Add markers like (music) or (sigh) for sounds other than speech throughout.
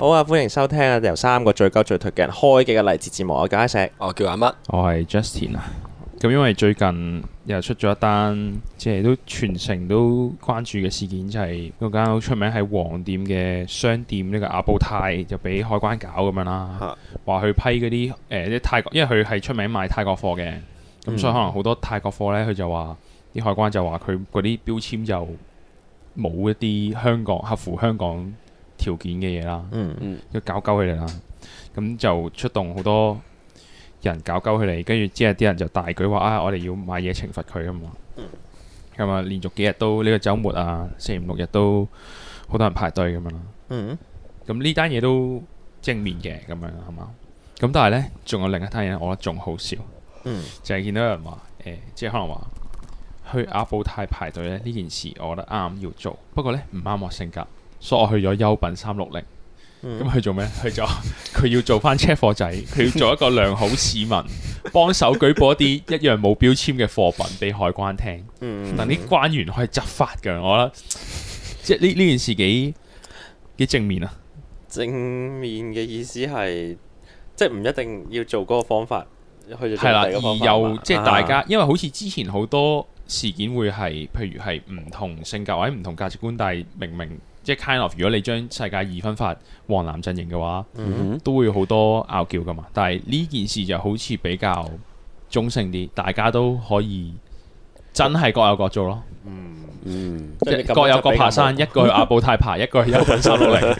好啊！歡迎收聽啊，由三個最高最頹嘅人開嘅個勵志節目。我解釋、哦、叫阿石，我叫阿乜，我係 Justin 啊。咁因為最近又出咗一單，即係都全城都關注嘅事件，就係嗰間好出名喺黃店嘅商店呢、呢個阿布泰就俾海關搞咁樣啦。話佢、啊、批嗰啲誒，啲、呃、泰國，因為佢係出名賣泰國貨嘅，咁、嗯、所以可能好多泰國貨咧，佢就話啲海關就話佢嗰啲標籤就冇一啲香港合乎香港。條件嘅嘢啦嗯，嗯，要搞鳩佢哋啦，咁就出動好多人搞鳩佢哋，跟住之後啲人就大舉話啊，我哋要買嘢懲罰佢啊嘛，嗯嗯，嗯，咁啊連續幾日都呢個周末啊，星期六日都好多人排隊咁樣啦，嗯，咁呢單嘢都正面嘅咁樣，係嘛？咁但係呢，仲有另一單嘢，我覺得仲好笑，嗯，就係見到有人話，呃，即係可能話去阿布泰排隊咧呢件事，我覺得啱要做，不過呢，唔啱我性格。所以我去咗優品三六零，咁去做咩？去咗佢要做翻 check 貨仔，佢要做一個良好市民，幫手 (laughs) 舉報一啲一樣冇標籤嘅貨品俾海關聽。但啲關員可以執法嘅，我覺得。即係呢呢件事幾幾正面啊！正面嘅意思係，即係唔一定要做嗰個方法，去咗係啦，而又、啊、即係大家，因為好似之前好多事件會係，譬如係唔同性格或者唔同價值觀，但係明明，明。即係 kind of，如果你將世界二分法黃藍陣營嘅話，mm hmm. 都會好多拗撬㗎嘛。但係呢件事就好似比較中性啲，大家都可以真係各有各做咯。嗯。嗯，即係各有各爬山，一個去阿布泰爬，一個去優品360。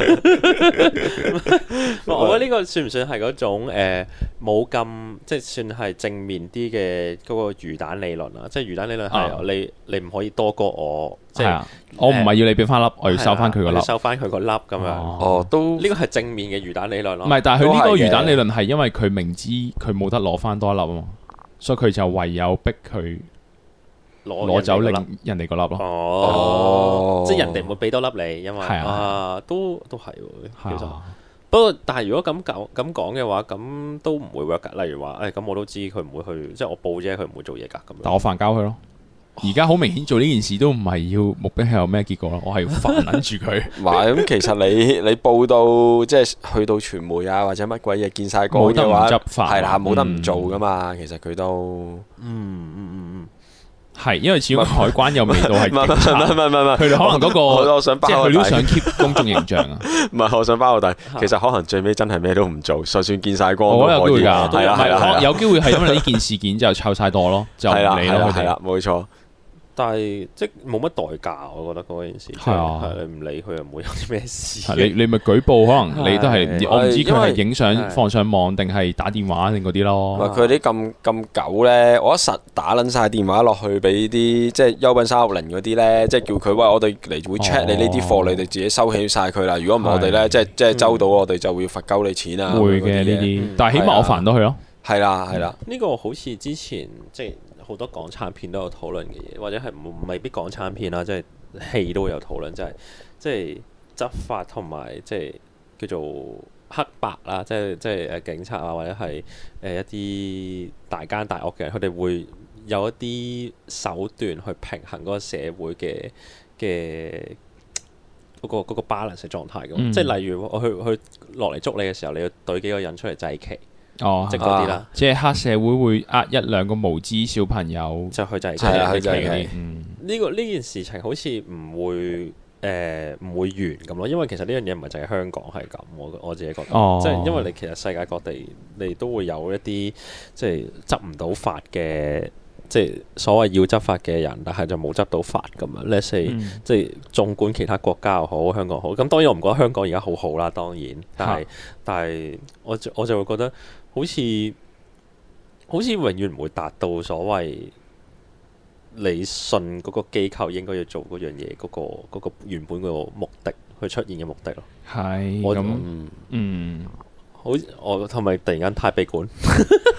我我覺得呢個算唔算係嗰種誒，冇咁即係算係正面啲嘅嗰個魚蛋理論啊？即係魚蛋理論係你你唔可以多過我，即係我唔係要你俾翻粒，我要收翻佢個粒，收翻佢個粒咁樣。哦，都呢個係正面嘅魚蛋理論咯。唔係，但係佢呢個魚蛋理論係因為佢明知佢冇得攞翻多一粒啊，所以佢就唯有逼佢。攞走令人哋個粒咯，哦哦、即係人哋唔會俾多粒你，因為啊,啊都都係喎、啊。不過，但係如果咁講咁講嘅話，咁都唔會 work 例如話，誒、哎、咁我都知佢唔會去，即係我報啫，佢唔會做嘢噶。咁，但我煩交佢咯。而家好明顯做呢件事都唔係要目的係有咩結果啦，我係煩撚住佢。唔係咁，其實你你報到 (laughs) 即係去到傳媒啊或者乜鬼嘢見晒，光嘅話，係啦，冇得唔做噶嘛。嗯、其實佢都嗯嗯嗯嗯。嗯嗯係，因為始終海關有味道係，唔係唔係唔係，佢哋可能嗰個，我我想包即係佢都想 keep 公眾形象啊。唔係，我想包好大。其實可能最尾真係咩都唔做，就算見晒光，我有機會噶，係啦係啦，有有機會係因為呢件事件就臭晒多咯，就唔理啦，係啦，冇錯。但係即冇乜代價，我覺得嗰件事係啊，你唔理佢又唔會有啲咩事。你你咪舉報，可能你都係我唔知佢係影相放上網定係打電話定嗰啲咯。佢啲咁咁狗咧，我一實打撚晒電話落去俾啲即係優品三六零嗰啲咧，即係叫佢話我哋嚟會 check 你呢啲貨，你哋自己收起晒佢啦。如果唔係我哋咧，即係即係周到，我哋就會罰鳩你錢啊。會嘅呢啲。但係起碼我煩到佢咯。係啦，係啦，呢個好似之前即係。好多港產片都有討論嘅嘢，或者係未必港產片啦，即係戲都會有討論，即係即係執法同埋即係叫做黑白啦，即係即係誒警察啊，或者係誒、呃、一啲大間大屋嘅人，佢哋會有一啲手段去平衡嗰個社會嘅嘅嗰個嗰、嗰個 balance 嘅狀態嘅，嗯、即係例如我去去落嚟捉你嘅時候，你要隊幾個人出嚟祭旗。哦，即嗰啲啦，即、啊就是、黑社會會呃一兩個無知小朋友，嗯、即佢就係、是，即佢呢個呢件、這個、事情好似唔會誒唔、呃、會完咁咯，因為其實呢樣嘢唔係淨係香港係咁，我我自己覺得，哦、即因為你其實世界各地你都會有一啲即執唔到法嘅，即所謂要執法嘅人，但係就冇執到法咁樣，呢四、嗯、即縱觀其他國家又好，香港好，咁當然我唔覺得香港而家好好啦，當然，但係但係我我就會覺得。好似好似永遠唔會達到所謂你信嗰個機構應該要做嗰樣嘢嗰個原本嗰個目的去出現嘅目的咯。係，我唔嗯。嗯好，我同埋突然間太悲觀，唔 (laughs)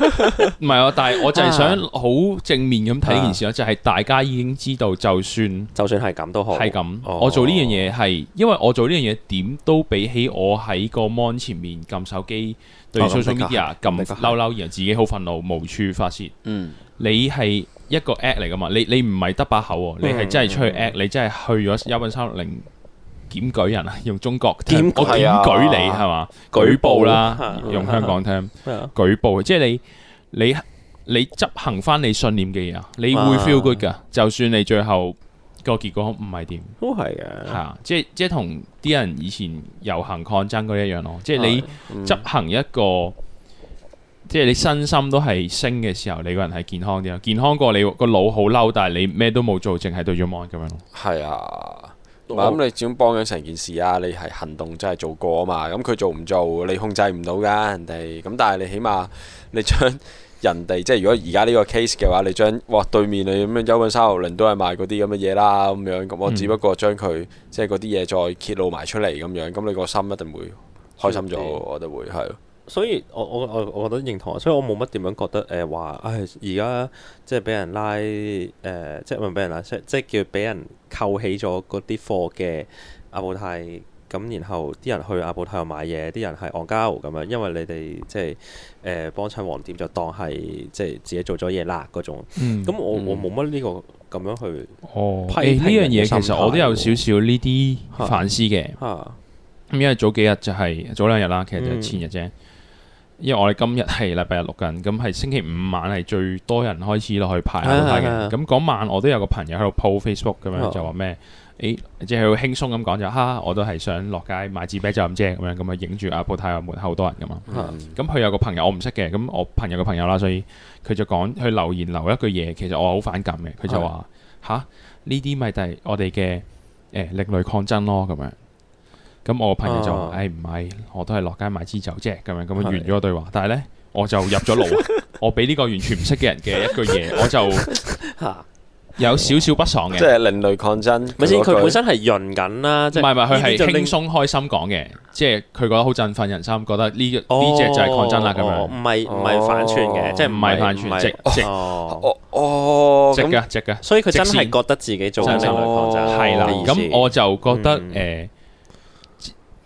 係 (laughs) 啊！但係我就係想好正面咁睇呢件事咯， (laughs) 就係大家已經知道，就算就算係咁都好，係咁。哦、我做呢樣嘢係因為我做呢樣嘢點都比起我喺個 Mon 前面撳手機對 Twitter 撳嬲嬲，然後自己好憤怒無處發泄。嗯，你係一個 App 嚟噶嘛？你你唔係得把口喎，你係、嗯、真係出去 App，你真係去咗一八三六零。檢舉人啊，用中國 term，我檢舉你係嘛？舉報啦，用香港 term 舉報，即係你你你執行翻你信念嘅嘢啊！你會 feel good 噶，就算你最後個結果唔係點都係嘅。係啊，即係即係同啲人以前遊行抗爭嗰一樣咯，即係你執行一個，即係你身心都係升嘅時候，你個人係健康啲咯，健康過你個腦好嬲，但係你咩都冇做，淨係對咗 mon 咁樣咯。係啊。咁、哦嗯，你始終幫緊成件事啊！你係行動真係做過啊嘛，咁、嗯、佢做唔做你控制唔到㗎，人哋咁。但係你起碼你將人哋即係如果而家呢個 case 嘅話，你將哇對面你咁樣優品三六零都係賣嗰啲咁嘅嘢啦，咁樣咁我只不過將佢、嗯、即係嗰啲嘢再揭露埋出嚟咁樣，咁你個心一定會開心咗，嗯、我覺得會所以我，我我我我覺得認同，所以我冇乜點樣覺得誒話，唉而家即係俾人拉誒，即係唔俾人拉，即即係叫俾人扣起咗嗰啲貨嘅阿布泰咁，然後啲人去阿布泰度買嘢，啲人係昂交咁樣，因為你哋即係誒幫襯黃店就當係即係自己做咗嘢啦嗰種。咁、嗯、我、嗯、我冇乜呢個咁樣去批評呢樣嘢，其實我都有少少呢啲反思嘅。咁、嗯嗯嗯、因為早幾日就係、是、早兩日啦，其實就前日啫、嗯。因為我哋今日係禮拜日錄緊，咁係星期五晚係最多人開始落去排阿布泰嘅。咁嗰晚我都有個朋友喺度 po Facebook 咁樣 (music) 就話咩？誒即係好輕鬆咁講就嚇，我都係想落街買支啤酒咁啫咁樣，咁啊影住阿布泰嘅門好多人噶嘛。咁佢 (music) 有個朋友我唔識嘅，咁我朋友嘅朋友啦，所以佢就講佢留言留一句嘢，其實我好反感嘅。佢就話吓，呢啲咪就係我哋嘅誒另類抗爭咯咁樣。咁我朋友就，誒唔係，我都係落街買支酒啫，咁樣咁樣完咗個對話。但係呢，我就入咗腦，我俾呢個完全唔識嘅人嘅一句嘢，我就吓，有少少不爽嘅。即係另類抗爭，咪先佢本身係潤緊啦，即係唔係，佢係輕鬆開心講嘅，即係佢覺得好振奮人心，覺得呢個呢隻就係抗爭啦咁樣。唔係唔係反串嘅，即係唔係反串，直直，哦，哦，直嘅直嘅，所以佢真係覺得自己做咗另類抗爭。係啦，咁我就覺得誒。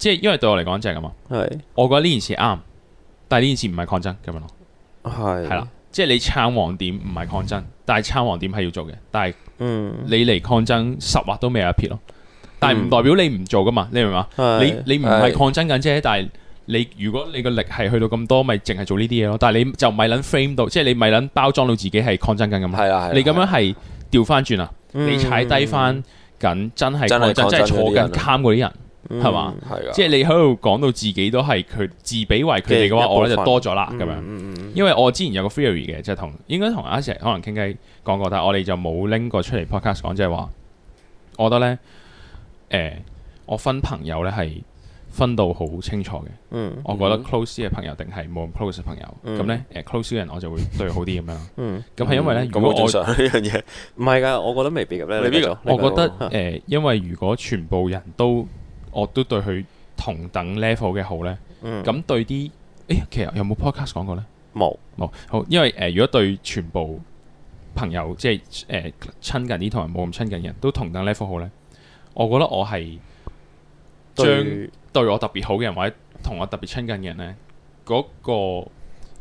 即係因為對我嚟講就係咁嘛，是我覺得呢件事啱，但係呢件事唔係抗爭咁樣咯，係係啦，即係你撐黃點唔係抗爭，但係撐黃點係要做嘅，但係你嚟抗爭十劃都未有撇咯。嗯、但係唔代表你唔做噶嘛，你明唔明是？你你唔係抗爭緊啫，但係你如果你個力係去到咁多，咪淨係做呢啲嘢咯，但係你就咪捻 frame 到，即係你咪捻包裝到自己係抗爭緊咁啊？你咁樣係調翻轉啊？嗯、你踩低翻緊真係抗爭，真係坐緊監嗰啲人。係嘛？係啊！即係你喺度講到自己都係佢自比為佢哋嘅話，我覺得就多咗啦咁樣。因為我之前有個 theory 嘅，即係同應該同阿 Sir 可能傾偈講過，但係我哋就冇拎過出嚟 podcast 講，即係話我覺得呢，誒，我分朋友呢係分到好清楚嘅。我覺得 close 嘅朋友定係冇咁 close 嘅朋友咁呢誒，close 嘅人我就會對佢好啲咁樣。咁係因為咧，咁我想呢樣嘢唔係噶，我覺得未必咁樣。你呢個？我覺得誒，因為如果全部人都我都對佢同等 level 嘅好呢。咁、嗯、對啲，哎、欸，其實有冇 podcast 講過呢？冇，冇。好，因為誒、呃，如果對全部朋友，即係誒、呃、親近啲同埋冇咁親近嘅人都同等 level 好呢，我覺得我係將對我特別好嘅人或者同我特別親近嘅人呢，嗰、那個。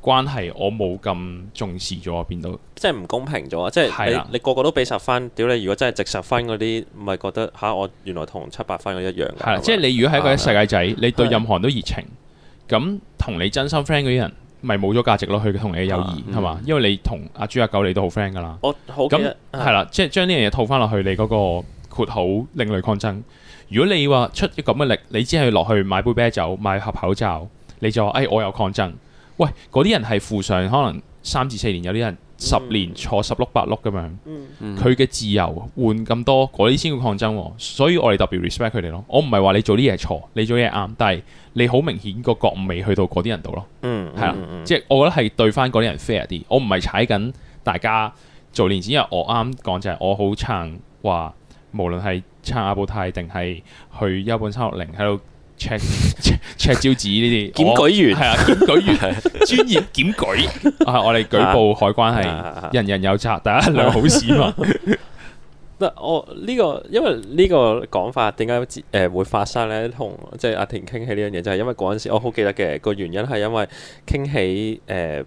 關係我冇咁重視咗，變到即係唔公平咗啊！即係你你個個都俾十分，屌你！如果真係值十分嗰啲，咪覺得吓我原來同七八分嘅一樣。係即係你如果喺一個世界仔，你對任何人都熱情，咁同你真心 friend 嗰啲人咪冇咗價值咯？佢同你嘅友誼係嘛？因為你同阿豬阿狗你都好 friend 㗎啦。我好咁係啦，即係將呢樣嘢套翻落去你嗰個括號另類抗爭。如果你話出一個咁嘅力，你只係落去買杯啤酒、買盒口罩，你就話誒，我有抗爭。喂，嗰啲人係負上可能三至四年有，有啲人十年坐十碌八碌咁樣，佢嘅、嗯、自由換咁多，嗰啲先叫抗爭喎、啊。所以我哋特別 respect 佢哋咯。我唔係話你做啲嘢錯，你做嘢啱，但係你好明顯個角未去到嗰啲人度咯。嗯，係啊，嗯、即係我覺得係對翻嗰啲人 fair 啲。我唔係踩緊大家做年前，因為我啱講就係我好撐話，無論係撐阿布泰定係去優品三六零喺度。check check 照紙呢啲檢舉員係啊檢舉員專業檢舉啊，我哋舉報海關係人人有責，大家兩好事嘛。嗱，我呢個因為呢個講法點解誒會發生咧？同即係阿婷傾起呢樣嘢，就係因為嗰陣時我好記得嘅個原因係因為傾起誒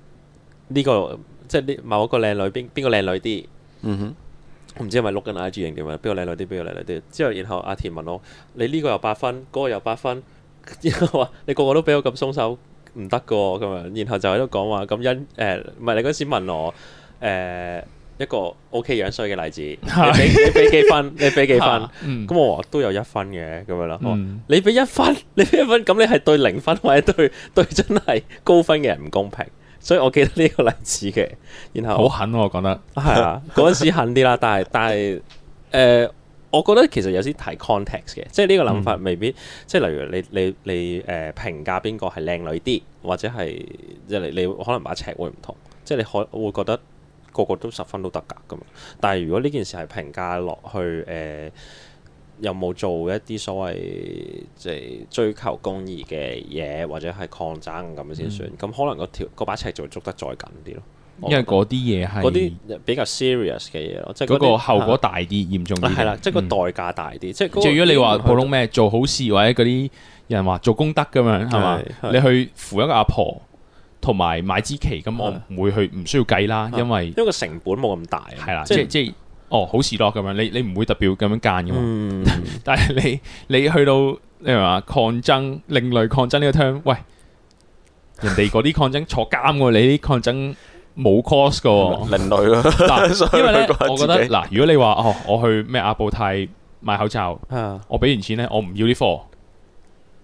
呢個即係呢某一個靚女邊邊個靚女啲嗯哼。唔知係咪碌緊 I G 型點樣？邊個靚女啲，邊個靚女啲？之後然後阿田問我：你呢個又八分，嗰個又八分，之後話你個個都俾我咁鬆手，唔得噶喎咁樣。然後就喺度講話咁因誒，唔係你嗰時問我誒一個 O K 樣衰嘅例子，你俾幾分？你俾幾分？咁我話都有一分嘅咁樣啦。你俾一分，你俾一分，咁你係對零分，或者對對真係高分嘅人唔公平。所以我記得呢個例子嘅，然後好狠喎、啊、我覺得，係啊嗰陣時狠啲啦，但係但係誒、呃，我覺得其實有啲睇 context 嘅，即係呢個諗法未必，即係、嗯、例如你你你誒、呃、評價邊個係靚女啲，或者係即係你你可能把尺會唔同，即、就、係、是、你可會覺得個個都十分都得㗎，咁但係如果呢件事係評價落去誒。呃有冇做一啲所謂即係追求公義嘅嘢，或者係抗爭咁先算？咁可能個把尺就會捉得再緊啲咯。因為嗰啲嘢係嗰啲比較 serious 嘅嘢咯，即係嗰個後果大啲，嚴重啲係啦，即係個代價大啲。即係如果你話普通咩做好事或者嗰啲人話做功德咁樣係嘛？你去扶一個阿婆同埋買支旗咁，我唔會去，唔需要計啦，因為因為個成本冇咁大係啦，即係即係。哦，好事落咁樣，你你唔會特別咁樣間嘅嘛？嗯、但係你你去到你話抗爭、另類抗爭呢個 term，喂，人哋嗰啲抗爭坐監嘅，你啲抗爭冇 cost 嘅喎。另類咯，嗱， (laughs) (laughs) 因為我覺得嗱， (laughs) 如果你話哦，我去咩阿布泰買口罩， (laughs) 我俾完錢咧，我唔要啲貨。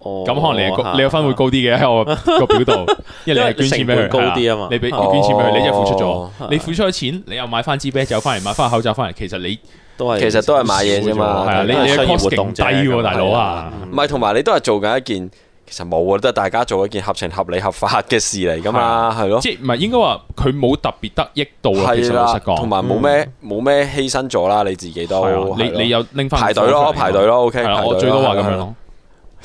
咁可能你個你個分會高啲嘅，喺我個表度，因為你係捐錢俾佢，係啊，你俾捐錢俾佢，你即係付出咗，你付出咗錢，你又買翻支啤酒翻嚟，買翻口罩翻嚟，其實你都係，其實都係買嘢啫嘛，係啊，呢樣活動低喎，大佬啊，唔係，同埋你都係做緊一件，其實冇啊，都係大家做一件合情合理合法嘅事嚟噶嘛，係咯，即係唔係應該話佢冇特別得益到啊，係啦，同埋冇咩冇咩犧牲咗啦，你自己都，你你又拎翻排隊咯，排隊咯，OK，我最多話咁樣。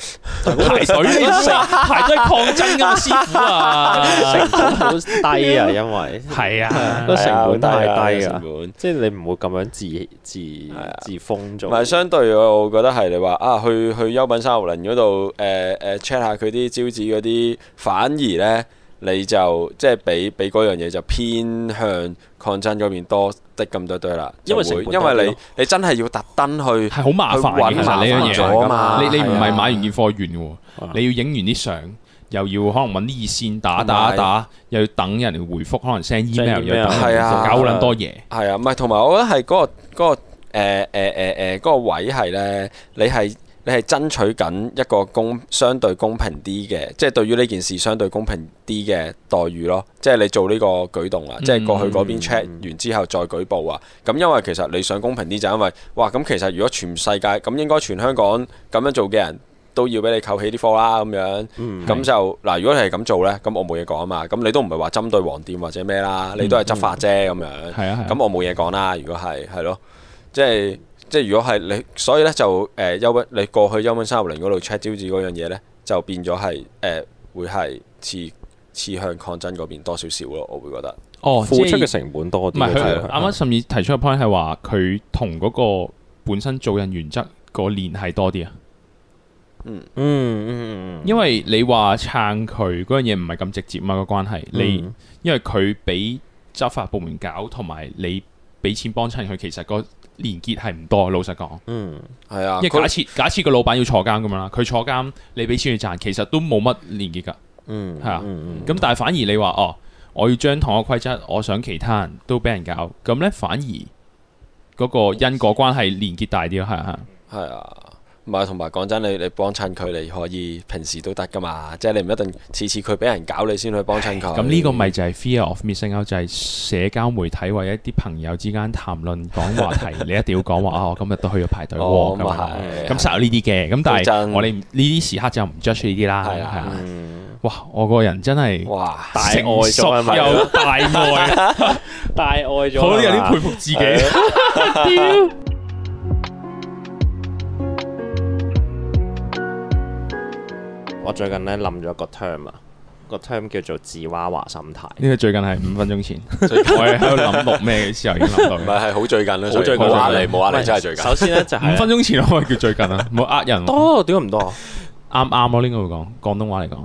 好水 (laughs) 排都係抗爭噶、啊、嘛， (laughs) 師傅啊， (laughs) 成本好低啊， (laughs) 因為係 (laughs) 啊，個成本都係低啊，啊即係你唔會咁樣自自、啊、自封咗。唔係相對我，覺得係你話啊，去去優品360嗰度誒誒 check 下佢啲招紙、嗰啲，反而咧你就即係、就是、比比嗰樣嘢就偏向抗爭嗰邊多。咁多對啦，因為因為你你真係要特登去係好麻煩嘅，係啊，嘛，你你唔係買完件貨完喎，的你要影完啲相，又要可能揾啲二線打的打打，又要等人哋回覆，可能 send email 又等，的搞好撚多嘢。係啊，唔係同埋我覺得係嗰個嗰個誒誒誒嗰個位係咧，你係。你係爭取緊一個公相對公平啲嘅，即係對於呢件事相對公平啲嘅待遇咯。即係你做呢個舉動啊，嗯、即係過去嗰邊 check 完之後再舉報啊。咁因為其實你想公平啲就因為，哇！咁其實如果全世界咁應該全香港咁樣做嘅人都要俾你扣起啲貨啦咁樣。咁、嗯、就嗱係啊，如果你係咁做咧，咁我冇嘢講啊嘛。咁你都唔係話針對黃店或者咩啦，你都係執法啫咁樣。咁、嗯嗯、我冇嘢講啦。如果係係咯，即係。就係即係如果係你，所以咧就誒優品你過去優品三六零嗰度 check 招紙嗰樣嘢咧，就變咗係誒會係似似向抗爭嗰邊多少少咯，我會覺得。哦，付出嘅成本多啲。啱啱甚至提出嘅 point 係話佢同嗰個本身做人原則個聯繫多啲啊、嗯。嗯嗯嗯嗯，因為你話撐佢嗰樣嘢唔係咁直接嘛。個關係，你因為佢俾執法部門搞，同埋你俾錢幫襯佢，其實、嗰個。連結係唔多，老實講。嗯，係啊，因為假設他假設，假設個老闆要坐監咁樣啦，佢坐監，你俾錢去賺，其實都冇乜連結㗎。嗯啊嗯。嗯，係啊，嗯。咁但係反而你話哦，我要將同一個規則，我想其他人都俾人搞，咁呢，反而嗰個因果關係連結大啲咯，係啊，係啊。嗯。同埋講真，你你幫襯佢，你可以平時都得㗎嘛。即係你唔一定次次佢俾人搞，你先去幫襯佢。咁呢個咪就係 fear of missing out，就係社交媒體或者一啲朋友之間談論講話題，你一定要講話啊！我今日都去咗排隊喎。咁係，咁實有呢啲嘅。咁但係我哋呢啲時刻就唔 judge 呢啲啦。係啊係啊。哇！我個人真係哇，大愛咗有大愛，大愛咗。好有啲佩服自己。我最近咧諗咗個 term 啊，個 term 叫做芝娃娃心態。呢個最近係五分鐘前，我喺度諗落咩嘅時候已經諗到，唔係係好最近咯，好最近冇壓力，冇壓力真係最近。首先咧就係五分鐘前可以叫最近啊，冇呃人多，點解唔多？啱啱我應該會講廣東話嚟講，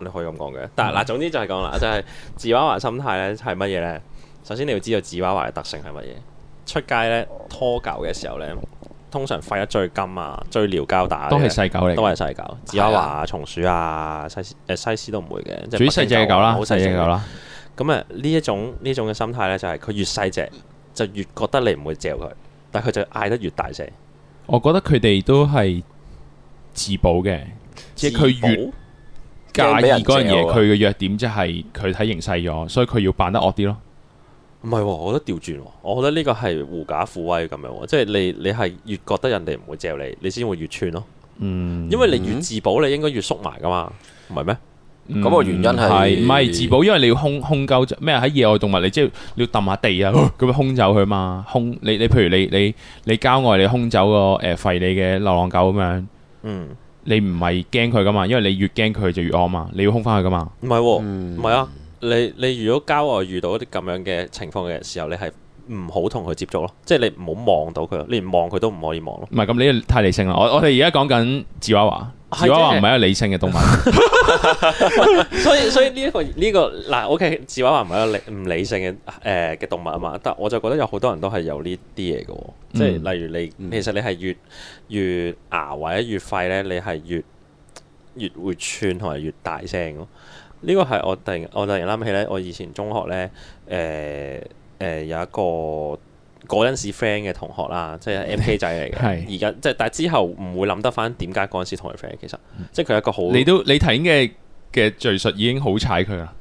你可以咁講嘅。但嗱總之就係講啦，就係芝娃娃心態咧係乜嘢咧？首先你要知道芝娃娃嘅特性係乜嘢。出街咧拖狗嘅時候咧，通常吠得最金啊，最撩交打，都係細狗嚟，都係細狗，芝娃娃啊，啊、松鼠啊、西誒西施都唔會嘅。啊啊、主要細隻嘅狗啦，好細隻嘅狗啦。咁啊，呢一種呢種嘅心態咧，就係佢越細隻，就越覺得你唔會嚼佢，但佢就嗌得越大聲。我覺得佢哋都係自保嘅，保即係佢越介意嗰樣嘢，佢嘅弱點即係佢體型細咗，所以佢要扮得惡啲咯。唔係，我覺得調轉，我覺得呢個係狐假虎威咁樣，即係你你係越覺得人哋唔會借你，你先會越串咯。嗯，因為你越自保，你應該越縮埋噶嘛，唔係咩？咁個原因係唔係自保？因為你要空空鳩咩？喺野外動物，你即係你要揼下地啊，咁樣空走佢嘛？空你你譬如你你你郊外你空走個誒吠你嘅流浪狗咁樣，嗯，你唔係驚佢噶嘛？因為你越驚佢就越惡嘛，你要空翻佢噶嘛？唔係喎，唔係啊。你你如果郊外遇到一啲咁樣嘅情況嘅時候，你係唔好同佢接觸咯，即係你唔好望到佢，你連望佢都唔可以望咯。唔係咁，你太理性啦。我我哋而家講緊芝娃娃，芝娃娃唔係一個理性嘅動物，所以所以呢、這個這個 okay, 一個呢個嗱，O K，芝娃娃唔係一個理唔理性嘅誒嘅動物啊嘛。但我就覺得有好多人都係有呢啲嘢嘅，即係例如你、嗯嗯、其實你係越越牙或者越吠咧，你係越越會串同埋越大聲咯。呢個係我突然我突然諗起咧，我以前中學咧，誒、呃、誒、呃、有一個嗰陣時 friend 嘅同學啦，即係 MK 仔嚟嘅，而家即係但係之後唔會諗得翻點解嗰陣時同佢 friend。其實即係佢一個好，你都你睇嘅嘅敘述已經好踩佢啦。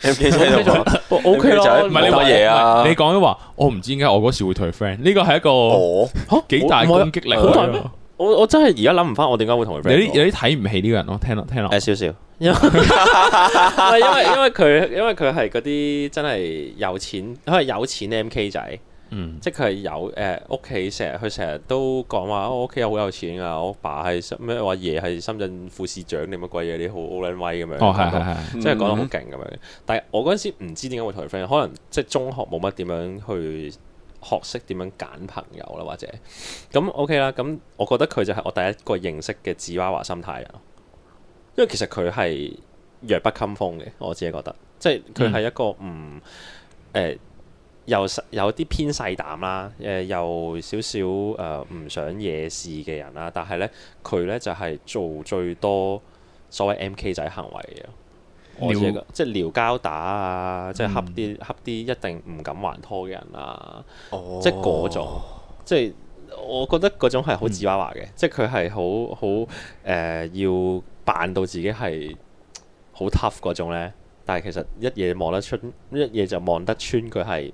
MK (laughs) OK 就唔係你乜嘢啊？你講咗話我唔知點解我嗰時會同佢 friend。呢個係一個嚇幾我 (laughs) 大攻擊力。我我真係而家諗唔翻，我點解會同佢 friend？有啲有啲睇唔起呢個人咯，聽落聽落。誒、嗯，少少， (laughs) (laughs) 因為因為因為佢因為佢係嗰啲真係有錢，係有錢嘅 MK 仔，嗯、即係佢係有誒，屋企成日佢成日都講話，我屋企好有錢噶、啊，我爸係咩話爺係深圳副市長定乜鬼嘢，啲好 O L N 威咁樣。哦，係係係，即係講得好勁咁樣。但係我嗰陣時唔知點解會同佢 friend，可能即係中學冇乜點樣去。學識點樣揀朋友啦，或者咁 OK 啦。咁我覺得佢就係我第一個認識嘅芝娃娃心態人，因為其實佢係弱不禁風嘅，我自己覺得，即係佢係一個唔誒、嗯呃、又有啲偏細膽啦，誒、呃、又少少誒唔想惹事嘅人啦。但係咧，佢咧就係、是、做最多所謂 MK 仔行為嘅。即係撩交打啊！即係恰啲恰啲一定唔敢還拖嘅人啊！哦、即係嗰種，即係我覺得嗰種係好芝娃娃嘅，嗯、即係佢係好好誒要扮到自己係好 tough 嗰種咧，但係其實一嘢望得出，一嘢就望得穿佢係。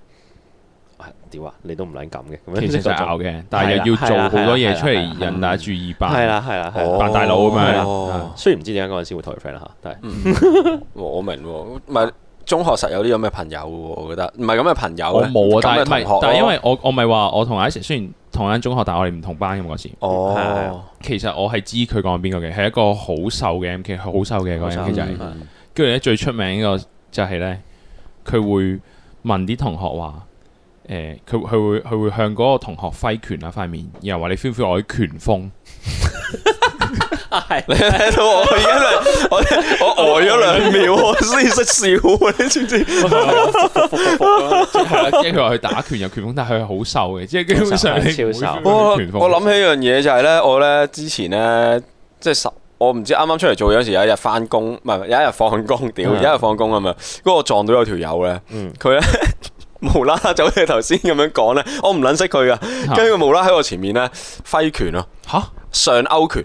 點啊？你都唔捻咁嘅，其成作嘅，但係又要做好多嘢出嚟引大家注意吧？係啦，係啦，扮大佬咁樣。雖然唔知點解嗰陣時會同佢 friend 啦，但係我明，唔係中學實有啲咁嘅朋友嘅，我覺得唔係咁嘅朋友。我冇啊，但係但係因為我我咪係話我同阿 Eason 雖然同一間中學，但係我哋唔同班咁嗰陣時。哦，其實我係知佢講邊個嘅，係一個好瘦嘅 M K，係好瘦嘅一個 M K 仔。跟住咧最出名嘅就係咧，佢會問啲同學話。誒，佢佢會佢會向嗰個同學揮拳啊，塊面，然後話你 feel 唔 feel 我啲拳風？你睇到我而家我我呆咗兩秒，我先識笑，你知唔知？係 (laughs) 啦， (laughs) 跟佢話佢打拳又拳風，但係佢係好瘦嘅。即係基本上我我諗起一樣嘢就係咧，我咧之前咧即係十，我唔知啱啱出嚟做嘢嗰時有一日翻工，唔係有一日放工，屌有一日放工係咪？嗰個撞到有條友咧，佢咧、嗯 (laughs) 他呢。 (laughs) 無啦啦就好似你頭先咁樣講咧，我唔捻識佢噶，跟住無啦喺我前面咧揮拳咯，吓，上勾拳，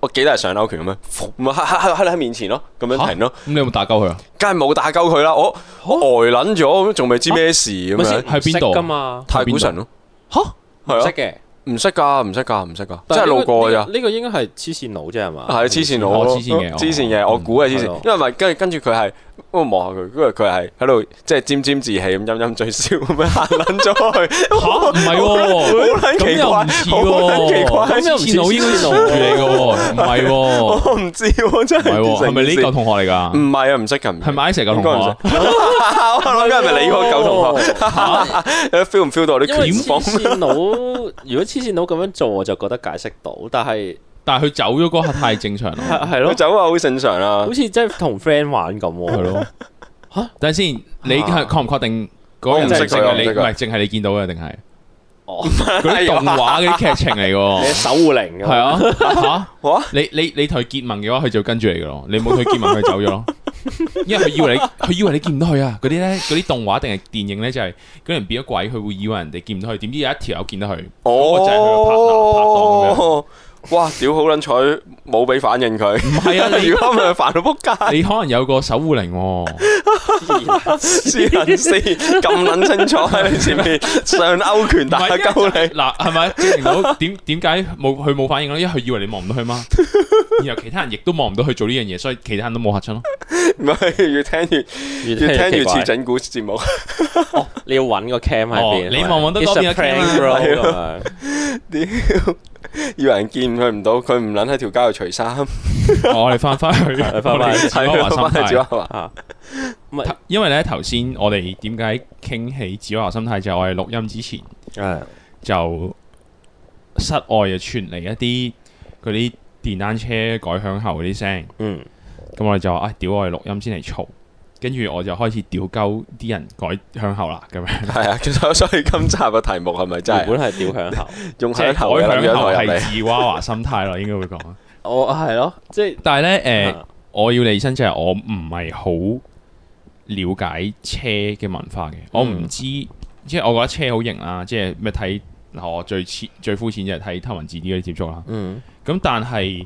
我記得係上勾拳咁樣，咪喺喺喺你喺面前咯，咁樣停咯。咁你有冇打鳩佢啊？梗係冇打鳩佢啦，我呆捻咗，咁仲未知咩事咁樣。喺邊度？噶嘛？太古神咯。吓，係呀，唔識嘅，唔識噶，唔識噶，唔識噶，真係路過咋。呢個應該係黐線佬啫係嘛？係黐線佬咯，黐線嘅。黐線嘅。我估係黐線，因為咪跟跟住佢係。我望下佢，跟住佢係喺度即係沾沾自喜咁陰陰嘴笑咁樣行撚咗佢。嚇唔係喎，好奇怪，好奇怪，好似腦淤嘅奴隸唔係喎。我唔知真係，係咪呢個同學嚟㗎？唔係啊，唔識咁。係咪 Iset 嘅同學？我諗緊係咪你個舊同學？feel 唔 feel 到你點講？黐線佬，如果黐線佬咁樣做，我就覺得解釋到，但係。但係佢走咗嗰刻太正常啦，係咯，佢走啊好正常啦，好似真係同 friend 玩咁，係咯，吓，等下先，你係確唔確定嗰個唔識正啊？你唔係淨係你見到嘅定係？哦，嗰啲動畫嗰啲劇情嚟嘅，守護靈係啊，吓，你你你同佢結盟嘅話，佢就會跟住你嘅咯，你冇同佢結盟，佢走咗咯，因為佢以為你，佢以為你見唔到佢啊，嗰啲咧，嗰啲動畫定係電影咧，就係嗰人變咗鬼，佢會以為人哋見唔到佢，點知有一條友見到佢，哦，就係佢嘅拍檔。哇！屌好撚彩，冇俾反應佢。唔係啊，你如果唔係煩到仆街。你可能有個守護靈喎。是啊，是咁撚清楚喺你前面，上勾拳打下鳩你。嗱，係咪？點點解冇佢冇反應咯？因為佢以為你望唔到佢嘛。然後其他人亦都望唔到佢做呢樣嘢，所以其他人都冇嚇親咯。唔係越聽越越聽越似整蠱節目。你要揾個 cam 喺邊？你望望都多變 cam 屌！以為人見佢唔到，佢唔捻喺條街度除衫。 (laughs) 我哋翻翻去，翻翻去，翻翻去。因為咧，頭先我哋點解傾起芝娃娃心態就係我哋錄音之前，就室外就傳嚟一啲嗰啲電單車改響喉啲聲。嗯，咁我哋就話，哎：，唉，屌我哋錄音先嚟嘈。跟住我就開始屌鳩，啲人改響喉啦，咁樣。係啊，所以今集嘅題目係咪真係本係屌響喉？ (laughs) 用向，改響喉啦，係芝娃娃心態咯，應該會講。我係咯，即係、啊。但係咧，誒，我要嚟身，就係我唔係好了解車嘅文化嘅，我唔知，嗯、即係我覺得車好型啦，即係咩睇我最淺最膚淺就係睇《頭文字 D 嗰啲接觸啦、啊。嗯。咁但係，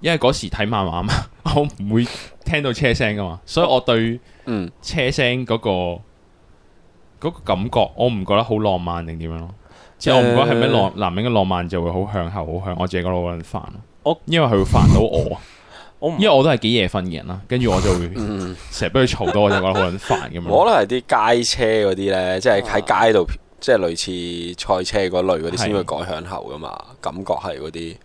因為嗰時睇漫畫嘛。我唔會聽到車聲噶嘛，所以我對車聲、那個、嗯車聲嗰個嗰個感覺，我唔覺得好浪漫定點樣咯。呃、即係我唔覺得係咩浪男人嘅浪漫，就會好響喉，好向我自己覺得好撚煩。我因為佢會煩到我，我不因為我都係幾夜瞓嘅人啦，跟住我就會成日俾佢嘈到，就覺得好撚煩咁樣。可能係啲街車嗰啲呢，即係喺街度，即係類似賽車嗰類嗰啲，先會改響喉噶嘛？的感覺係嗰啲。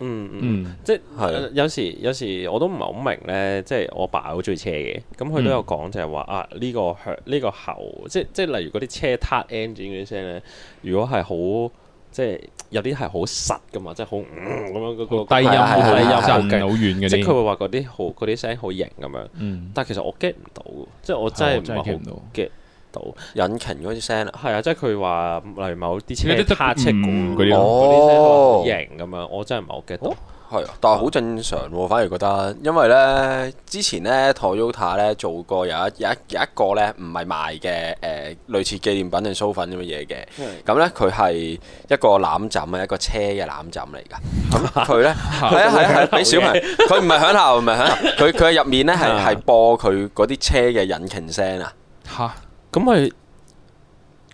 嗯嗯，即係有時有時我都唔係好明咧，即係我爸好中意車嘅，咁佢都有講就係話啊，呢個響呢個喉，即係即係例如嗰啲車撻 engine 嗰啲聲咧，如果係好即係有啲係好實㗎嘛，即係好咁樣嗰個低音低音好遠嗰，即係佢會話嗰啲好啲聲好型咁樣。但係其實我 get 唔到，即係我真係真係 get 唔到嘅。到引擎嗰啲聲，係啊，即係佢話，例如某啲車、卡車、轎嗰啲，嗰啲聲好型咁樣，我真係唔係好記得。係啊，但係好正常喎，反而覺得，因為咧之前咧，Toyota 咧做過有一、有一、有一個咧，唔係賣嘅，誒，類似紀念品定酥粉咁嘅嘢嘅。咁咧，佢係一個攬枕啊，一個車嘅攬枕嚟㗎。咁佢咧，係啊係啊係，俾小朋友，佢唔係響頭，唔係響，佢佢入面咧係係播佢嗰啲車嘅引擎聲啊。嚇！咁咪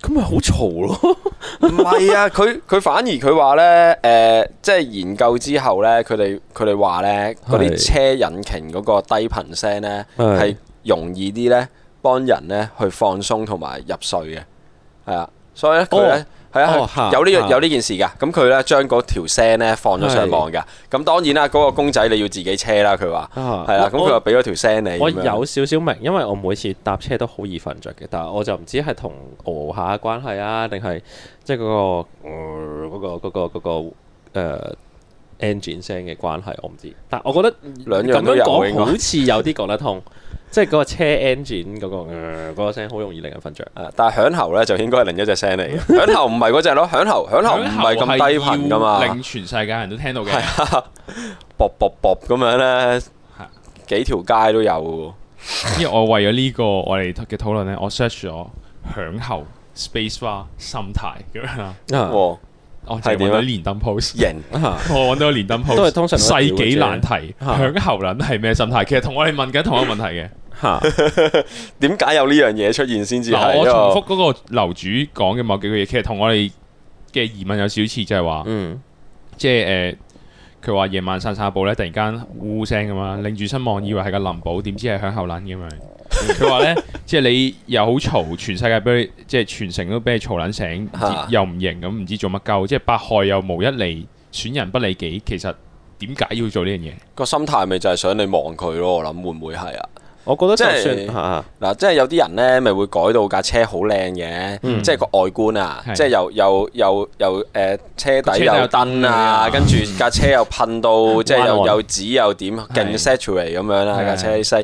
咁咪好嘈咯？唔係 (laughs) 啊，佢佢反而佢話呢，誒、呃，即係研究之後呢，佢哋佢哋話呢，嗰啲車引擎嗰個低頻聲呢，係的容易啲呢，幫人呢去放鬆同埋入睡嘅，係啊，所以咧佢咧。哦係啊，有呢樣有呢件事㗎。咁佢咧將嗰條聲咧放咗上網㗎。咁的當然啦，嗰、那個公仔你要自己車啦。佢話係啦，咁佢就俾咗條聲你。我，你這我有少少明，因為我每次搭車都好易瞓着嘅，但係我就唔知係同餓下嘅關係啊，定係即係嗰、那個嗰、呃那個嗰、那個嗰、那個誒 engine、那個那個那個呃、聲嘅關係，我唔知。但我覺得兩樣有影啊。好似有啲講得通。 (laughs) 即係嗰個車 engine 嗰、那個嗰、呃那個聲，好容易令人瞓着，誒、啊，但係響喉咧就應該係另一隻聲嚟嘅。 (laughs) 響喉唔係嗰隻咯，響喉響喉唔係咁低頻噶嘛。令全世界人都聽到嘅。係啊，噋噋噋咁樣咧，幾條街都有嘅。因為我為咗呢、這個我哋嘅討論咧，我 search 咗響喉 s p a c e 化心態咁樣、啊、我我就揾到連登 post (laughs) 我揾到連登 post、啊、 (laughs) 都係通常世紀難題，啊、響喉嗱係咩心態？其實同我哋問緊同一個問題嘅。 (laughs) 點解 (laughs) 有呢樣嘢出現先至？嗱，我重複嗰個樓主講嘅某幾句嘢，其實同我哋嘅疑問有少似就，嗯、就係話，即係誒，佢話夜晚散散步咧，突然間呼聲咁啊，擰住身望，以為係個林寶，點知係響喉捻咁樣。佢話咧，即係你又好嘈，全世界俾你，即係全城都俾你嘈捻醒，啊、又唔型咁，唔知做乜鳩，即係百害又無一利，損人不利己。其實點解要做呢樣嘢？個心態咪就係想你望佢咯，我諗會唔會係啊？我覺得即係嗱，即係有啲人咧，咪會改到架車好靚嘅，即係個外觀啊，即係又又又又誒車底有燈啊，跟住架車又噴到即係又又紫又點勁 saturate 咁樣啦架車西，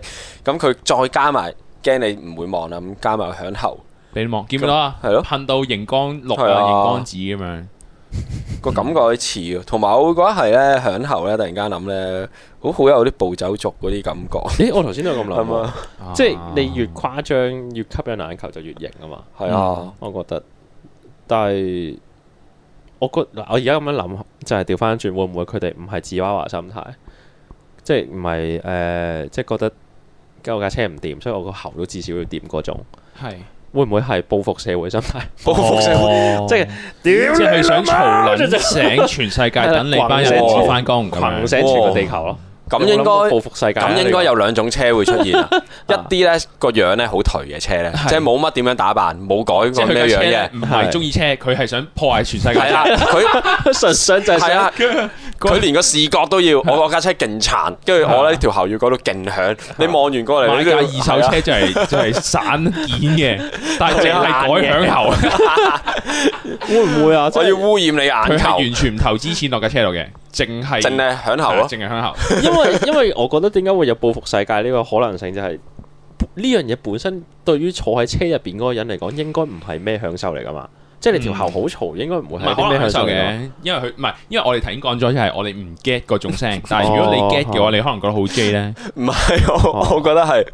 咁佢再加埋驚你唔會望啦，咁加埋響喉俾你望，見唔到啊？係咯，噴到熒光綠啊，熒光紫咁樣。個 (laughs) 感覺似，同埋我會覺得係咧響喉咧，突然間諗咧，好好有啲暴走族嗰啲感覺。咦，我頭先都咁諗，啊、即係你越誇張越吸引眼球就越型啊嘛。係啊我，我覺得，但係我覺嗱，我而家咁樣諗就係調翻轉，會唔會佢哋唔係芝娃娃心態，即係唔係誒，即係覺得我架車唔掂，所以我個喉都至少要掂嗰種。係。會唔會係報復社會心態？報復社會，即係點？即係想吵亂醒全世界，等你班人返工唔緊要，群醒住個地球咯。咁應該咁應該有兩種車會出現，一啲咧個樣咧好頹嘅車咧，即係冇乜點樣打扮，冇改過咩樣嘅。唔係中意車，佢係想破壞全世界。係啦，佢純想就係。係啊，佢連個視覺都要。我架車勁殘，跟住我咧條喉要改到勁響。你望完過嚟，我呢架二手車就係就係散件嘅，但係淨係改響喉。會唔會啊？我要汙染你眼。佢完全唔投資錢落架車度嘅。淨係淨係響喉咯、啊，淨係響喉。因為因為我覺得點解會有報復世界呢個可能性、就是，就係呢樣嘢本身對於坐喺車入邊嗰個人嚟講，應該唔係咩享受嚟噶嘛。即、就、係、是、你條喉好嘈，嗯、應該唔會係啲咩享受嘅。因為佢唔係，因為我哋頭先講咗，就係我哋唔 get 嗰種聲。但係如果你 get 嘅話，哦、你可能覺得好 j 咧。唔係、哦嗯，我、哦、我覺得係。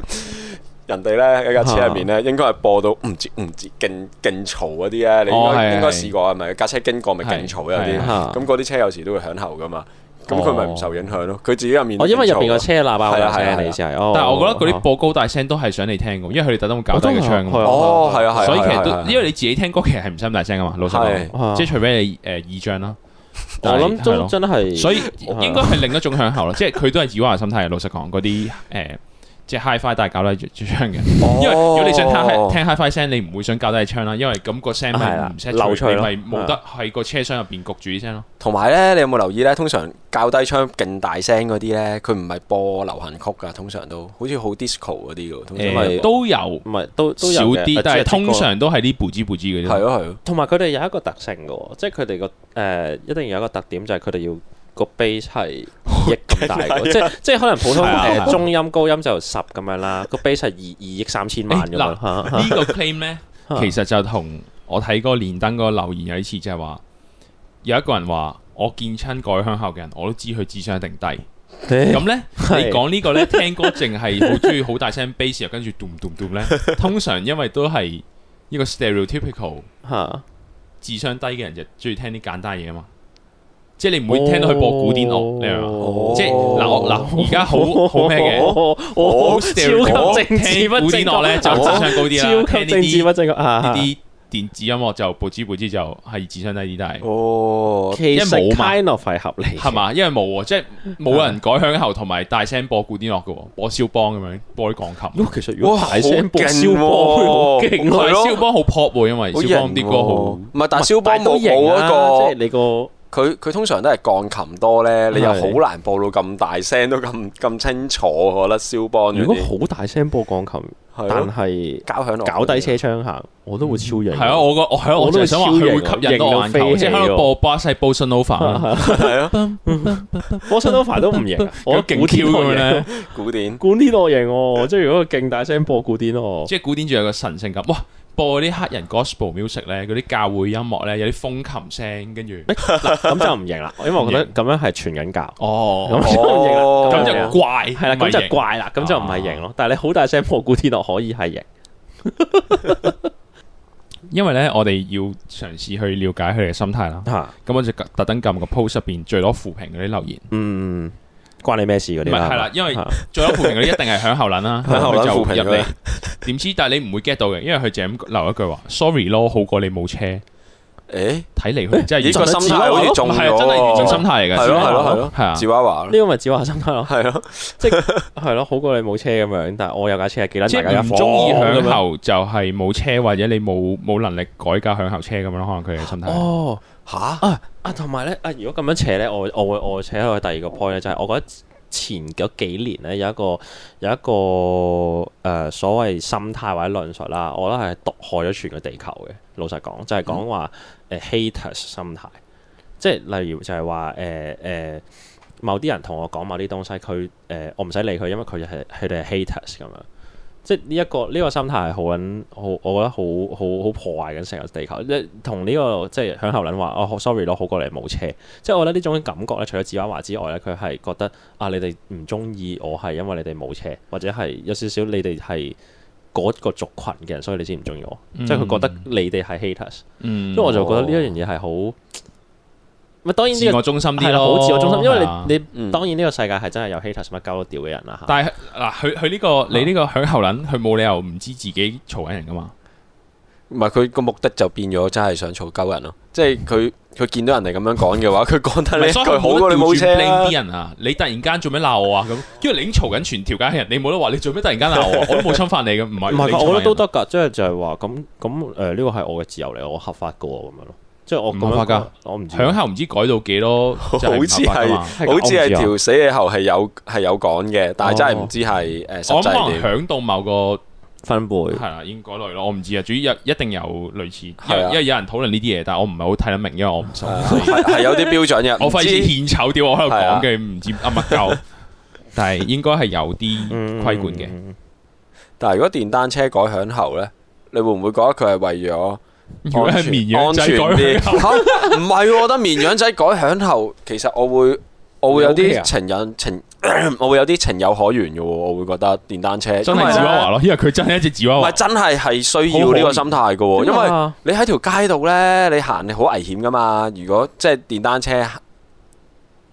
人哋咧喺架車入面咧，應該係播到唔接唔接勁勁嘈嗰啲咧，你應該應該試過係咪？架車經過咪勁嘈嗰啲？咁嗰啲車有時都會響喉噶嘛。咁佢咪唔受影響咯。佢自己入面。因為入邊個車喇叭好聲。係啊係啊，你先係。但係我覺得嗰啲播高大聲都係想你聽㗎，因為佢哋特登搞低個窗。哦，係啊係啊。所以其實都因為你自己聽歌其實係唔使咁大聲噶嘛，老實講。係。即係除非你誒耳障啦。我諗都真係，所以應該係另一種響喉咯。即係佢都係以我嘅心態嚟。老實講，嗰啲誒。即係 HiFi 都搞低住窗嘅，因為如果你想聽 HiFi 聲，你唔會想搞低窗啦，因為咁個聲咪唔識漏出咯，咪冇得喺個車廂入邊焗住啲聲咯。同埋咧，你有冇留意咧？通常搞低窗勁大聲嗰啲咧，佢唔係播流行曲噶，通常都好似好 disco 嗰啲，通常都有，唔係都都少啲，但係通常都係啲 boogie boogie 嗰啲。係咯係咯。同埋佢哋有一個特性嘅，即係佢哋個誒一定有一個特點，就係佢哋要個 base 係。億咁大， (music) 即係 (music) 即係可能普通，中音高音就十咁樣啦， (laughs) 個 base 係二二億三千萬咁樣。欸啊、個呢個 claim 咩？ (laughs) 其實就同我睇嗰個連登嗰個留言有一次，就係、是、話有一個人話：我見親改響喉嘅人，我都知佢智商一定低。咁咧，你講呢個咧，聽歌淨係好中意好大聲 base，又跟住嘟嘟嘟咧，通常因為都係呢個 stereotypical， (laughs) 智商低嘅人就中意聽啲簡單嘢啊嘛。即係你唔會聽到佢播古典樂，你明嘛？即係嗱嗱，而家好好咩嘅？我超級政治不正古典樂咧就智商高啲啦。超級政治不正㗎，啲電子音樂就播之播之就係智商低啲，但係哦，其實 kind of 係合理，係嘛？因為冇即係冇人改響喉同埋大聲播古典樂嘅，播肖邦咁樣播啲鋼琴。哦，其實如果大聲播肖邦，好勁肖邦好 pop 喎，因為肖邦啲歌好唔係，但肖邦好型啊，即係你個。佢佢通常都係鋼琴多咧，你又好難播到咁大聲都咁咁清楚，我覺得肖邦如果好大聲播鋼琴，但係搞響搞低車窗下，我都會超型。係啊，我個我喺我都想話佢會吸引到眼球，即係喺度播巴西布信奧凡。係啊，布信奧凡都唔型，我勁 Q 咁樣咧。古典管弦樂型哦，即係如果佢勁大聲播古典咯，即係古典仲有個神聖感。哇！播啲黑人 gospel music 咧，嗰啲教會音樂咧，有啲風琴聲，跟住咁就唔型啦，因為我覺得咁樣係傳緊教。哦，咁唔型啦，咁就怪係啦，咁就怪啦，咁就唔係型咯。但係你好大聲播古天樂可以係型，因為咧我哋要嘗試去了解佢哋嘅心態啦。咁我就特登撳個 post 入邊最多負評嗰啲留言。嗯。關你咩事嗰啲啦，係啦，因為最後判刑嗰啲一定係響喉輪啦，佢就入嚟，點知？但係你唔會 get 到嘅，因為佢就咁留一句話，sorry 咯，好過你冇車。誒，睇嚟佢真係一個心態好似中咗，真係一種心態嚟嘅，係咯，係咯，係咯，係啊，芝娃娃呢個咪芝娃娃心態咯，係咯，即係係咯，好過你冇車咁樣。但係我有架車係幾得大家嘅房咁樣。唔中意響喉就係冇車或者你冇冇能力改架響喉車咁樣咯，可能佢嘅心態。嚇哈、啊！啊同埋咧啊，如果咁樣扯咧，我我，我會我扯去第二個 point 咧，就係我覺得前嗰幾年咧有一個有一個誒、呃、所謂心態或者論述啦，我覺得係毒害咗全個地球嘅。老實講，就係講話誒 haters,、嗯 uh, haters 心態，即係例如就係話誒誒某啲人同我講某啲東西，佢誒、uh, 我唔使理佢，因為佢係佢哋係 haters 咁樣。即係呢一個呢、這個心態係好揾好，我覺得好好破壞緊成個地球。即係同呢、這個即係響喉輪話，哦、oh,，sorry 咯，好過嚟冇車。即係我覺得呢種感覺咧，除咗芝娃娃之外咧，佢係覺得啊，你哋唔中意我係因為你哋冇車，或者係有少少你哋係嗰個族群嘅人，所以你先唔中意我。嗯、即係佢覺得你哋係 haters、嗯。即所以我就覺得呢一樣嘢係好。哦咪當然自我中心啲咯，自我中心，因為你你當然呢個世界係真係有 hater 想乜鳩都屌嘅人啦。但係嗱，佢佢呢個你呢個響喉，佢冇理由唔知自己嘈緊人噶嘛。唔係佢個目的就變咗真係想嘈鳩人咯。即係佢佢見到人哋咁樣講嘅話，佢講得你佢好啦冇車啦。啲人啊，你突然間做咩鬧我啊？咁因為你嘈緊全條街人，你冇得話，你做咩突然間鬧我？我都冇侵犯你嘅，唔係唔係，我都得噶。即係就係話咁咁誒，呢個係我嘅自由嚟，我合法個咁樣咯。即係我咁樣，我唔響喉唔知改到幾多，好似係好似係條死嘅喉係有係有講嘅，但係真係唔知係誒實際啲。我可能響到某個分貝係啦，應該類咯，我唔知啊，主要一一定有類似，因為有人討論呢啲嘢，但係我唔係好睇得明，因為我唔熟。係有啲標準嘅，我費事獻醜啲，我喺度講嘅唔知啱唔啱，但係應該係有啲規管嘅。但係如果電單車改響喉咧，你會唔會覺得佢係為咗？安全，安全啲。吓，唔係，我覺得綿羊仔改響喉，其實我會，我會有啲情人，情，我會有啲情有可原嘅。我會覺得電單車真係咯，因為佢真係一隻芝娃娃。唔係，真係係需要呢個心態嘅。因為你喺條街度呢，你行你好危險噶嘛。如果即係電單車，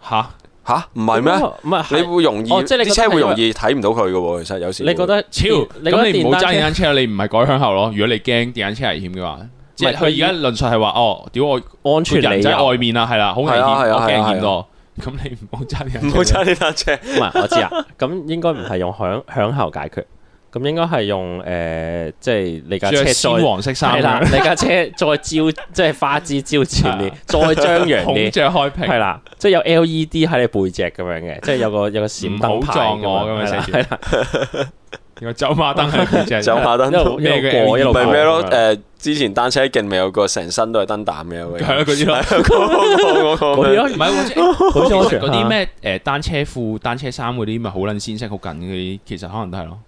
吓吓，唔係咩？唔係，你會容易，即係啲車會容易睇唔到佢嘅。其實有時你覺得超咁，你唔好揸電單車，你唔係改響喉咯。如果你驚電單車危險嘅話。即係佢而家論述係話哦，屌我安全你啊，外面啊，係啦，好危險，我驚見咗。咁你唔好揸呢架車，唔好揸呢架車。唔係我知啊，咁應該唔係用響響喉解決，咁應該係用誒，即係你架車黃色衫，係啦，你架車再照，即係花枝招前面，再張揚啲，孔雀開屏，係啦，即係有 LED 喺你背脊咁樣嘅，即係有個有個閃燈牌咁樣寫住。走馬燈係，走馬燈，因為咩嘅？咩咯？誒，之前單車勁未有個成身都係燈膽嘅，係啊，啲咯。唔 (laughs) 係，好似嗰啲咩誒單車褲、單車衫嗰啲，咪好撚鮮色、好緊嗰啲，其實可能都係咯。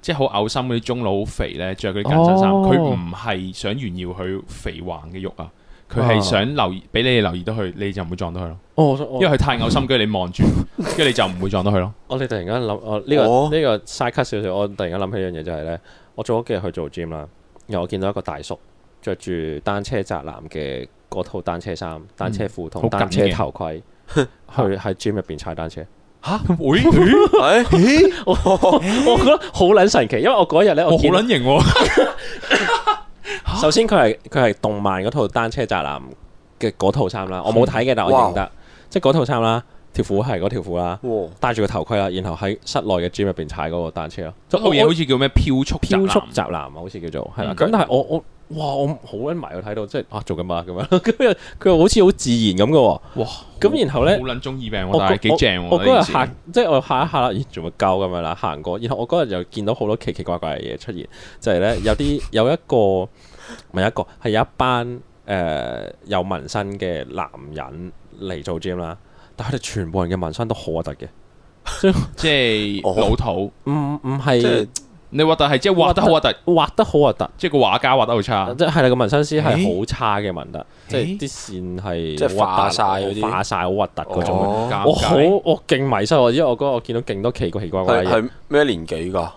即係好嘔心嗰啲中佬，好肥咧，着嗰啲緊身衫，佢唔係想炫耀佢肥橫嘅肉啊。佢係想留意，俾你留意到佢，你就唔會撞到佢咯。哦，因為佢太嘔心機、嗯，你望住，跟住你就唔會撞到佢咯。我你突然間諗，我呢、哦、個呢個 side cut 少少，我突然間諗起一樣嘢就係、是、咧，我早幾日去做 gym 啦，然我見到一個大叔着住單車宅男嘅嗰套單車衫、單車褲同單車頭盔，嗯、去喺 gym 入邊踩單車。吓、啊，會係、 (laughs) 哎？咦？ (laughs) 我我覺得好捻神奇，因為我嗰日咧，我好捻型。 (laughs) 首先佢係佢係動漫嗰套單車宅男嘅嗰套衫啦，我冇睇嘅，但我認得，哇即係嗰套衫啦，條褲係嗰條褲啦，哇戴住個頭盔啦，然後喺室內嘅 gym 入邊踩嗰個單車咯，嗰套嘢好似叫咩飄速飄速宅男啊，好似叫做係啦，咁、嗯、哼但係我我。我哇！我好温埋我睇到，即係啊做緊啊咁樣，佢又，又好似好自然咁嘅喎。哇！咁然後咧，好撚中意病喎、啊，我但係幾正喎、啊。我嗰意日下即係我下一下，咦仲要教咁樣啦，行過。然後我嗰日又見到好多奇奇怪怪嘅嘢出現，就係、是、咧有啲有一個唔係 (laughs) 一個係有一班誒、呃、有紋身嘅男人嚟做 gym 啦，但係佢哋全部人嘅紋身都好核突嘅，即係 (laughs) 老土。唔唔係。嗯你核突係即係畫得好核突，畫得好核突，即係個畫家畫得好差，即係你啦個紋身師係好差嘅紋得，欸、即係啲線係即係化晒啲，化晒好核突嗰種。我好我勁迷失我，因為我覺得我見到勁多奇怪奇怪嘅嘢。係咩年紀㗎？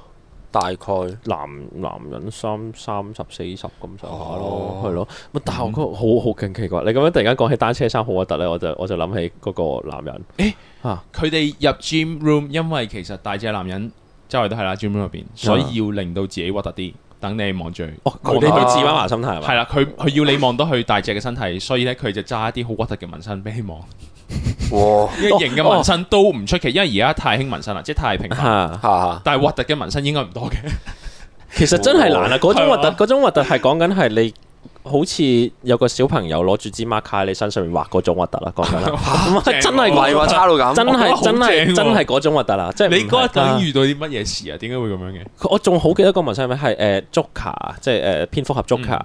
大概男男人三三十四十咁上下咯，係咯、哦。但係我覺得好好勁奇怪。嗯、你咁樣突然間講起單車衫好核突咧，我就我就諗起嗰個男人。誒嚇佢哋入 gym room，因為其實大隻男人。周圍都係啦，gym 入邊，所以要令到自己核突啲，等你望住。佢嗰啲佢自媽麻身體係嘛？係啦、啊，佢佢要你望到佢大隻嘅身體，所以咧佢就揸一啲好核突嘅紋身俾你望。哇！ (laughs) 一型嘅紋身都唔出奇，因為而家太興紋身啦，即係太平哈哈但係核突嘅紋身應該唔多嘅。 (laughs) 其實真係難啊！嗰種核突，嗰種核突係講緊係你。好似有個小朋友攞住支 marker 喺你身上面畫嗰種核突啦，講真真係唔係話差到咁，真係、啊、真係真係嗰種核突啦。即係你嗰一陣時遇到啲乜嘢事啊？點解會咁樣嘅？我仲好記得個紋身咩係誒，Joker，呃、Joker, 即係誒、呃，蝙蝠俠 Joker。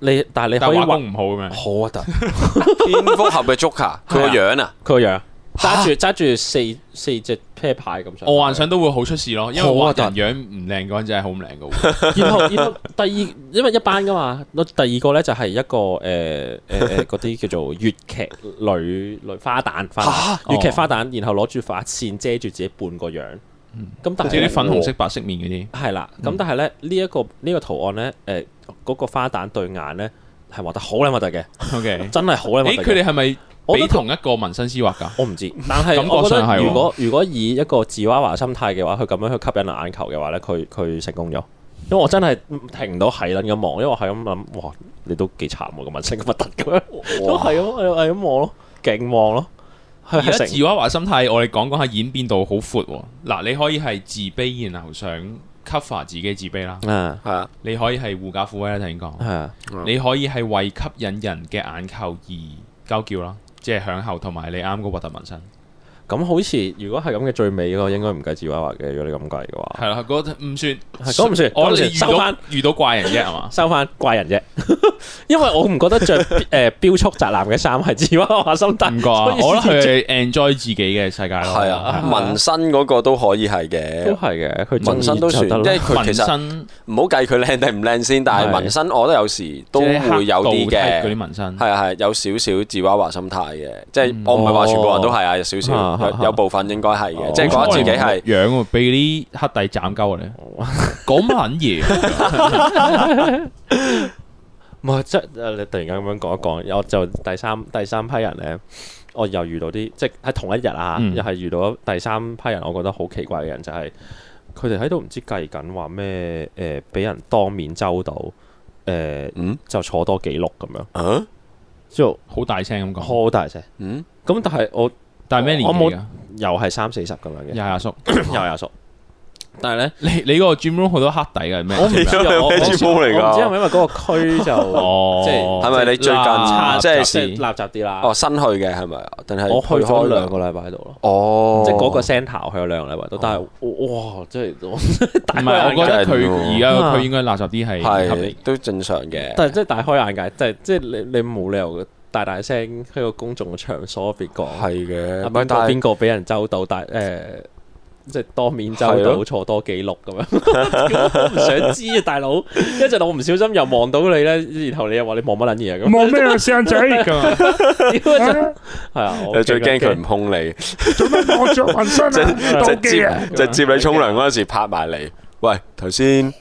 你但係你可以畫唔好嘅，好核突， (laughs) 蝙蝠俠嘅 Joker，佢個樣啊，佢個、啊、樣。揸住揸住四四隻啤牌咁出，我幻想都會好出事咯。因為話人樣唔靚，嗰人真係好唔靚噶。然後然後第二因為一班噶嘛，第二個咧就係一個誒誒嗰啲叫做粵劇女女花旦花。吓，粵劇花旦，然後攞住發線遮住自己半個樣。咁特別係啲粉紅色白色面嗰啲係啦。咁但係咧呢一個呢個圖案咧，誒嗰個花旦對眼咧係畫得好靚核突嘅。O K，真係好靚核突。誒，佢哋係咪？我畀同一個紋身師畫㗎，我唔知，但係我覺得如果， (laughs) 如，果如果以一個芝娃娃心態嘅話，佢咁樣去吸引眼球嘅話咧，佢佢成功咗。因為我真係停唔到係咁望，因為我係咁諗，哇！你、那個、 (laughs) 哇都幾慘喎，個紋身咁咪得咁樣，都係咁係咁望咯，勁望咯。而家芝娃娃心態，我哋講講下演變到好闊。嗱，你可以係自，自，自卑，然後想 cover 自己自卑啦。你可以係狐假虎威啦，頭先講。你可以係為吸引人嘅眼球而交叫啦。即係響喉，同埋你啱嗰個特紋身。咁好似如果係咁嘅，最尾嗰個應該唔計芝娃娃嘅，如果你咁計嘅話，係啦，嗰唔算，嗰唔算，我收翻遇到怪人啫，係嘛？收翻怪人啫，因為我唔覺得着誒標速宅男嘅衫係芝娃娃心得，唔覺啊，我覺得佢最 enjoy 自己嘅世界咯，係啊，紋身嗰個都可以係嘅，都係嘅，佢紋身都算，即係佢其實唔好計佢靚定唔靚先，但係紋身我覺得有時都會有啲嘅嗰啲紋身，係啊係，有少少芝娃娃心態嘅，即係我唔係話全部人都係啊，有少少。有部分應該係嘅，即係講自己係樣，俾啲黑底斬鳩咧。講乜嘢，唔係即係你突然間咁樣講一講。我就第三第三批人咧，我又遇到啲即係喺同一日啊，又係遇到第三批人。我覺得好奇怪嘅人就係佢哋喺度唔知計緊話咩。誒，俾人當面周到誒，就坐多幾碌咁樣。之後好大聲咁講，好大聲。嗯，咁但係我。但係咩年？我冇又係三四十噉樣嘅。又阿叔，又阿叔。但係咧，你你嗰個 gym room 好多黑底嘅咩？我唔知啊，我唔知，係咪因為嗰個區就，即係係咪你最近即係垃雜啲啦？哦，新去嘅係咪？定係我去開兩個禮拜度咯。哦，即係嗰個 centre 去咗兩個禮拜度，但係哇，即係大開眼界喎！唔係，我覺得佢而家佢應該垃雜啲係，都正常嘅。但係即係大開眼界，即係即係你你冇理由嘅。大大聲喺個公眾嘅場所別講，係嘅的。邊邊個俾人周到？但誒是，即係、呃就是、多面周到，的坐多記錄咁樣。 (laughs) 想知啊，大佬，一陣我唔小心又望到你咧，然後你又話你望乜撚嘢咁？望咩啊，僆仔咁？屌 (laughs) 就，係啊！我最驚佢唔碰你，做咩望住我紋身啊？ (laughs) 就是就是、接 (laughs) 就接你沖涼嗰陣時拍埋嚟。 (laughs) 喂，頭先。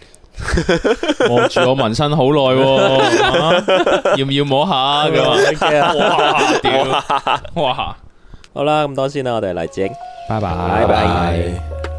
望住 (laughs) 我紋身好耐、啊啊，要唔要摸下咁 (laughs) 啊？啊啊 (laughs) 哇！屌、啊， (laughs) 哇！好啦，咁多先啦，我哋嚟整，拜拜拜拜。